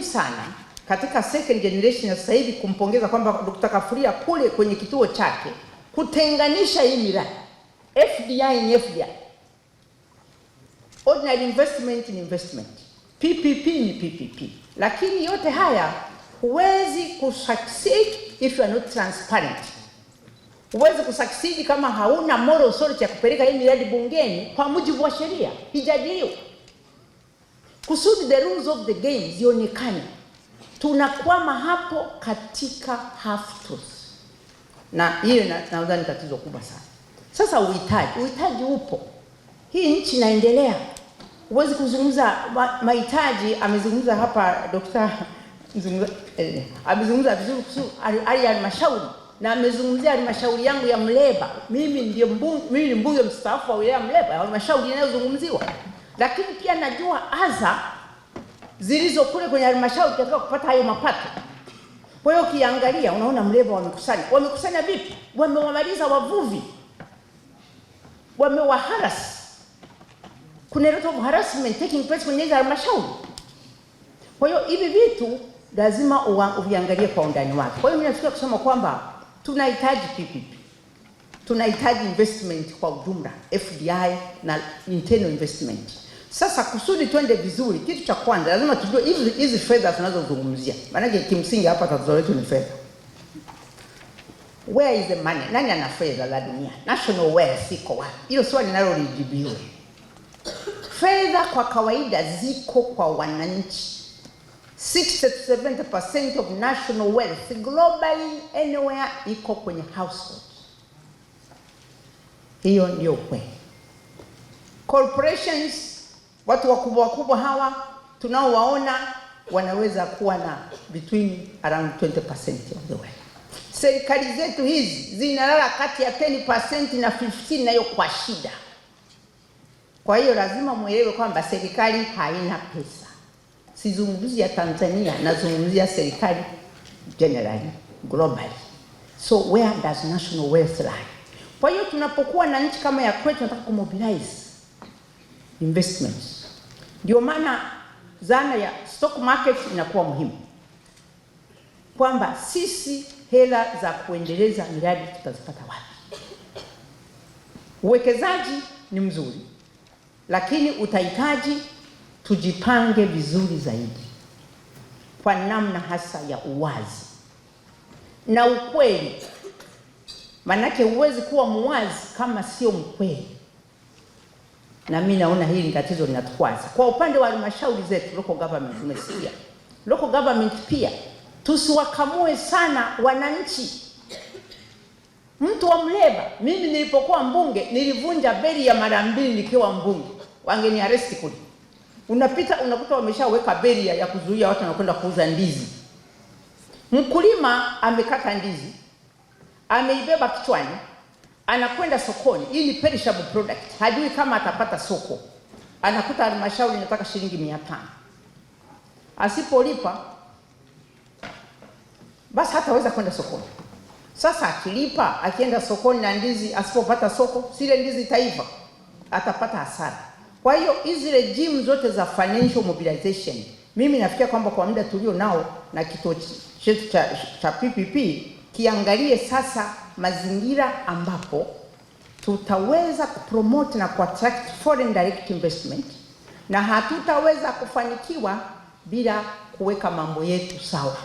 muhimu sana katika second generation ya sasa hivi kumpongeza kwamba Dr. Kafuria kule kwenye kituo chake kutenganisha hii miradi FDI ni FDI, ordinary investment ni investment, PPP ni PPP, lakini yote haya huwezi kusucceed if you are not transparent. Huwezi kusucceed kama hauna moral authority ya kupeleka hii miradi bungeni kwa mujibu wa sheria ijadiliwe kusudi the rules of the game zionekane. Tunakwama hapo katika half na hiyo ni tatizo kubwa sana. Sasa uhitaji, uhitaji upo, hii nchi inaendelea. Huwezi kuzungumza mahitaji. Amezungumza hapa Dr. Eh, amezungumza vizuri kuhusu hali ya halmashauri na amezungumzia halmashauri yangu ya Mleba. Mimi ndio mbunge, mimi ni mbunge mstaafu wa wilaya Mleba, halmashauri inayozungumziwa lakini pia najua adha zilizo kule kwenye halmashauri katika kupata hayo mapato. Kwa hiyo ukiangalia unaona Mleba wamekusanya, wamekusanya vipi? Wamewamaliza wavuvi, wamewaharasi. Kuna a lot of harassment taking place kwenye hizo halmashauri. Kwa hiyo hivi vitu lazima uviangalie kwa undani wake. Kwa hiyo mimi nafikiria kusema kwamba tunahitaji PPP, tunahitaji investment kwa ujumla, FDI na internal investment. Sasa kusudi twende vizuri, kitu cha kwanza lazima tujue hizi hizi fedha tunazozungumzia, maanake kimsingi hapa tatizo letu ni fedha. Where is the money? Nani ana fedha za dunia? National wealth iko wapi? Hilo swali linalo lijibiwe. Fedha kwa kawaida ziko kwa wananchi. 60 70% of national wealth globally anywhere iko kwenye household. Hiyo ndio kweli. Corporations Watu wakubwa wakubwa hawa tunaowaona wanaweza kuwa na between around 20% of the wealth. Serikali zetu hizi zinalala kati ya 10% na 15 nayo kwa shida. Kwa hiyo lazima mwelewe kwamba serikali haina pesa. Sizungumzia Tanzania, nazungumzia serikali generally globally. So where does national wealth lie? Kwa hiyo tunapokuwa na nchi kama ya kwetu, nataka kumobilize investments ndio maana dhana ya stock market inakuwa muhimu, kwamba sisi hela za kuendeleza miradi tutazipata wapi? Uwekezaji ni mzuri, lakini utahitaji tujipange vizuri zaidi kwa namna hasa ya uwazi na ukweli, maanake huwezi kuwa muwazi kama sio mkweli na mimi naona hili ni tatizo linatukwaza. Kwa upande wa halmashauri zetu local government, umesikia local government pia tusiwakamue sana wananchi. Mtu wa Mleba, mimi nilipokuwa mbunge nilivunja beli ya mara mbili nikiwa mbunge, wangeni arrest kule. Unapita unakuta wameshaweka beli ya kuzuia watu wanakwenda kuuza ndizi. Mkulima amekata ndizi, ameibeba kichwani anakwenda sokoni, hii ni perishable product, hajui kama atapata soko, anakuta halmashauri inataka shilingi mia tano. Asipolipa basi hataweza kwenda sokoni. Sasa akilipa akienda sokoni na ndizi, asipopata soko, sile ndizi taifa atapata hasara. Kwa hiyo hizi regime zote za financial mobilization, mimi nafikia kwamba kwa muda tulio nao na kituo chetu cha PPP tukiangalie sasa mazingira ambapo tutaweza kupromote na kuattract foreign direct investment, na hatutaweza kufanikiwa bila kuweka mambo yetu sawa.